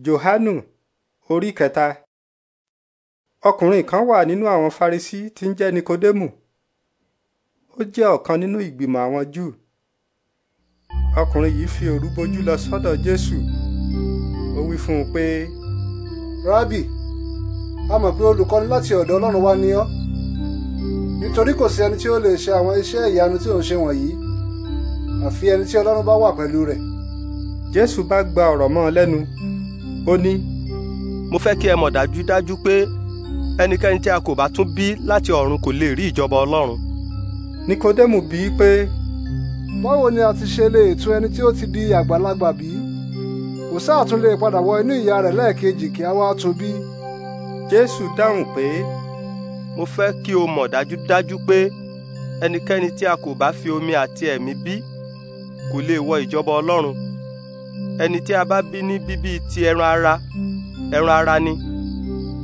Jòhánù orí kẹta ọkùnrin kan wà nínú àwọn Farisí tí ń jẹ́ Nikodémù. Ó jẹ́ ọ̀kan nínú ìgbìmọ̀ àwọn Júù. Ọkùnrin yìí fi òru bojú lọ sọ́dọ̀ Jésù. Ó wí fún un pé. Rábì, a mọ̀ pé olùkọ́ni láti ọ̀dọ̀ Ọlọ́run wá ni ọ́. Nítorí kò sí ẹni tí ó lè ṣe àwọn iṣẹ́ ìyanu tí ò ń ṣe wọ̀nyí. Àfi ẹni tí Ọlọ́run bá wà pẹ̀lú rẹ̀. Jésù bá gba ọ̀rọ̀ mọ́ ọ lẹ́nu ó ní mo fẹ́ kí ẹ mọ̀ dájúdájú pé ẹnikẹ́ni tí a kò bá tún bí láti ọ̀run kò lè rí ìjọba ọlọ́run. nikodemu bí i pé báwo ni a ti ṣe lè tún ẹni tí ó ti di àgbàlagbà bí kò sáà tún lè padà wọ inú ìyá rẹ̀ lẹ́ẹ̀kejì kí a wá tún bí. jésù dáhùn pé mo fẹ́ kí o mọ̀ dájúdájú pé ẹnikẹ́ni tí a kò bá fi omi àti ẹ̀mí bí kò lè wọ ìjọba ọlọ́run ẹni tí a bá bí ní bíbí ti ẹran ara ẹran ara ni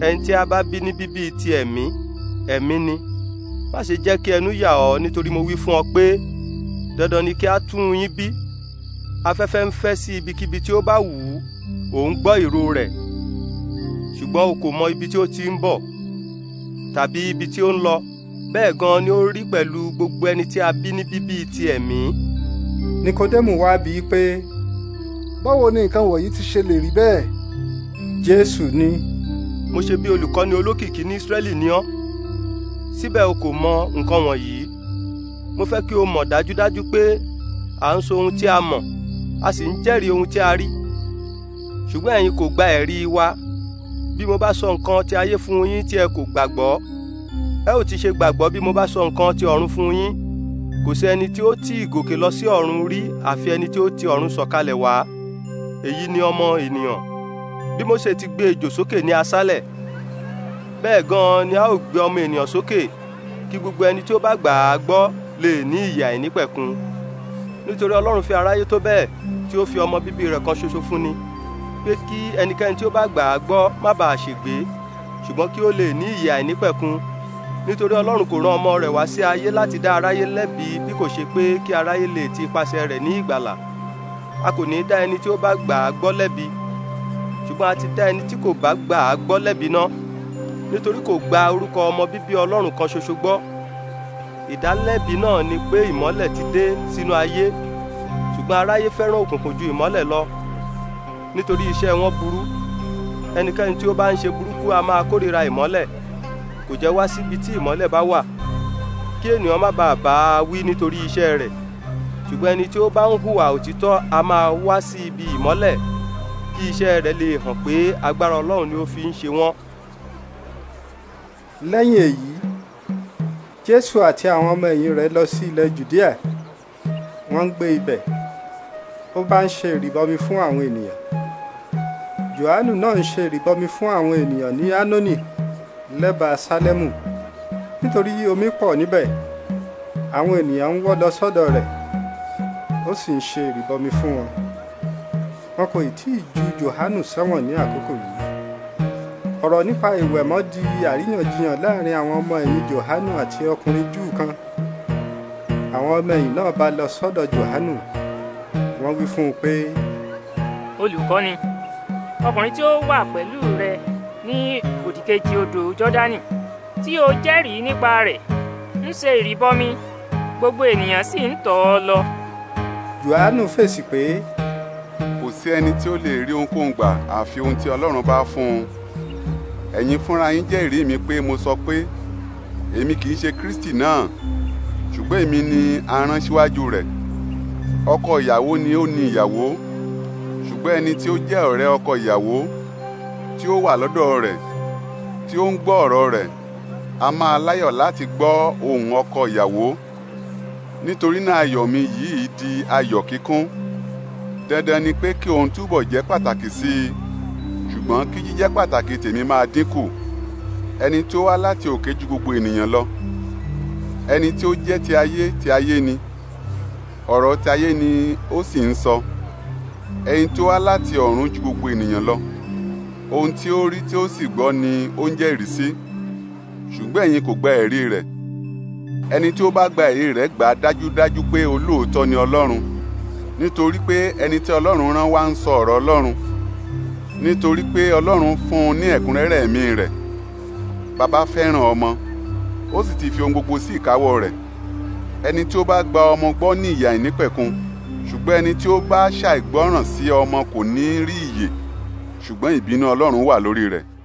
ẹni tí a bá bí ní bíbí ti ẹ̀mí ẹ̀mí ni má ṣe jẹ́ kí ẹnu yà ọ́ nítorí mo wí fún ọ pé dandan ni kí a tún yín bí afẹ́fẹ́ ń fẹ́ sí ibikíbi tí ó bá wù ú ò gbọ́ ìró rẹ̀ ṣùgbọ́n o kò mọ ibi tí ó ti ń bọ̀ tàbí ibi tí ó ń lọ bẹ́ẹ̀ gan ni ó rí pẹ̀lú gbogbo ẹni tí a bí ní bíbí ti ẹ̀mí. Nikodemu wá bí i pé báwo ni nǹkan wọ̀nyí ti ṣe lè rí bẹ́ẹ̀. jésù ni mo ṣe bí olùkọ́ni olókìkí ní ísírẹ́lì ni ọ́ síbẹ̀ o kò mọ nǹkan wọ̀nyí mo fẹ́ kí o mọ̀ dájúdájú pé à ń sọ ohun tí a mọ̀ a sì ń jẹ́rìí ohun tí a rí ṣùgbọ́n ẹ̀yin kò gba ẹ̀rí wa bí mo bá sọ nǹkan tí ayé fún yín tí ẹ kò gbàgbọ́ ẹ ò ti ṣe gbàgbọ́ bí mo bá sọ nǹkan tí ọ̀run fún yín kò sí ẹni tí ó tì gòkè lọ sí ọ̀run rí àfi ẹni tí ó ti ọ̀run sọ̀kalẹ̀ wá èyí ni ọmọ ènìyàn bí Mósè ti gbé ejò sókè ní aṣálẹ̀ bẹ́ẹ̀ gan ni a ó gbé ọmọ ènìyàn sókè kí gbogbo ẹni tí ó bá gbà á gbọ́ lè ní ìyè àìnípẹ̀kun nítorí Ọlọ́run fi aráyé tó bẹ́ẹ̀ tí ó fi ọmọ bíbí rẹ̀ kan ṣoṣo fún ni pé kí ẹnikẹ́ni tí ó bá gbà á gbọ́ má bàa ṣègbé ṣùgbọ́n kí ó lè ní ìyè àìnípẹ̀kun nítorí Ọlọ́run kò rán ọmọ rẹ̀ wá sí ayé láti dá aráyé lẹ́bi bí kò ṣe pé kí aráyé lè ti ipasẹ̀ rẹ̀ ní ìgbàlà a kò ní í dá ẹni tí ó bá gbà á gbọ́ lẹ́bi ṣùgbọ́n a ti dá ẹni tí kò bá gbà á gbọ́ lẹ́bi náà nítorí kò gba orúkọ ọmọ bíbí ọlọ́run kan ṣoṣo gbọ́ ìdálẹ́bi náà ni pé ìmọ́lẹ̀ ti dé sínú ayé ṣùgbọ́n aráyé fẹ́ràn òkùnkùn ju ìmọ́lẹ̀ lọ nítorí iṣẹ́ wọn burú ẹnikẹ́ni tí ó bá ń ṣe burúkú a máa kórìíra ìmọ́lẹ̀ kò jẹ́ wá síbi tí ìmọ́lẹ̀ bá wà kí ènìyàn má bàa bá a wí nítorí iṣẹ́ rẹ̀ ṣùgbọ́n ẹni tí ó bá ń hùwà òtítọ́ a máa wá sí ibi ìmọ́lẹ̀ kí iṣẹ́ rẹ̀ lè hàn pé agbára ọlọ́run ni ó fi ń ṣe wọ́n. lẹ́yìn èyí jésù àti àwọn ọmọ ẹ̀yìn rẹ̀ lọ sí ilẹ̀ judea wọ́n ń gbé ibẹ̀ ó bá ń ṣe ìrìbọmi fún àwọn ènìyàn johannu náà ń ṣe ìrìbọmi fún àwọn ènìyàn ní anoni lẹ́bàá sálẹ́mù nítorí omi pọ̀ níbẹ̀ àwọn ènìyàn ń wọ́ lọ sọ́dọ̀ rẹ̀ ó sì ń ṣe ìrìbọmi fún wọn wọn kò ì tí ì ju Jòhánù sẹ́wọ̀n ní àkókò yìí ọ̀rọ̀ nípa ìwẹ̀mọ́ di àríyànjiyàn láàrin àwọn ọmọ ẹ̀yìn Jòhánù àti ọkùnrin Júù kan àwọn ọmọ ẹ̀yìn náà bá lọ sọ́dọ̀ Jòhánù wọ́n wí fún un pé. olùkọ́ni ọkùnrin tí ó wà pẹ̀lú rẹ ní òdìkejì odò Jọ́dánì tí o jẹ́rìí nípa rẹ̀ ń ṣe ìrìbọmi gbogbo ènìyàn sì ń tọ̀ ọ́ lọ johannu fèsì pé. kò sí ẹni tí ó lè rí ohunkóhun gbà àfi ohun tí ọlọ́run bá fún un ẹ̀yin fúnra yín jẹ́ ìrí mi pé mo sọ pé èmi kì í ṣe kristi náà ṣùgbọ́n èmi ni arán síwájú rẹ̀ ọkọ ìyàwó ni ó ní ìyàwó ṣùgbọ́n ẹni tí ó jẹ́ ọ̀rẹ́ ọkọ ìyàwó tí ó wà lọ́dọ̀ rẹ̀ tí ó ń gbọ́ ọ̀rọ̀ rẹ̀ a máa láyọ̀ láti gbọ́ ohùn ọkọ ìyàwó nítorí náà ayọ̀ mi yìí di ayọ̀ kíkún dandan ni pé kí òun túbọ̀ jẹ́ pàtàkì sí i ṣùgbọ́n kí jíjẹ́ pàtàkì tèmi máa dínkù ẹni tí ó wá láti òkè ju gbogbo ènìyàn lọ ẹni tí ó jẹ́ ti ayé ti ayé ni ọ̀rọ̀ ti ayé ni ó sì ń sọ ẹni tí ó wá láti ọ̀run ju gbogbo ènìyàn lọ ohun tí ó rí tí ó sì gbọ́ ni ó ń jẹ́rìí sí ṣùgbọ́n ẹ̀yin kò gba ẹ̀rí rẹ̀ ẹni tí ó bá gba èrè rẹ̀ gbà dájúdájú pé olóòótọ́ ni ọlọ́run nítorí pé ẹni tí ọlọ́run rán wá ń sọ ọ̀rọ̀ ọlọ́run nítorí pé ọlọ́run fún un ní ẹ̀kúnrẹ́rẹ́ ẹ̀mí rẹ̀ bàbá fẹ́ràn ọmọ ó sì ti fi ohun gbogbo sí ìkáwọ́ rẹ̀ ẹni tí ó bá gba ọmọ gbọ́ ní ìyà ìnípẹ̀kun ṣùgbọ́n ẹni tí ó bá ṣàìgbọ́ràn sí ọmọ kò ní rí ìyè ṣùgbọ́n ìbínú ọlọ́run wà lórí rẹ̀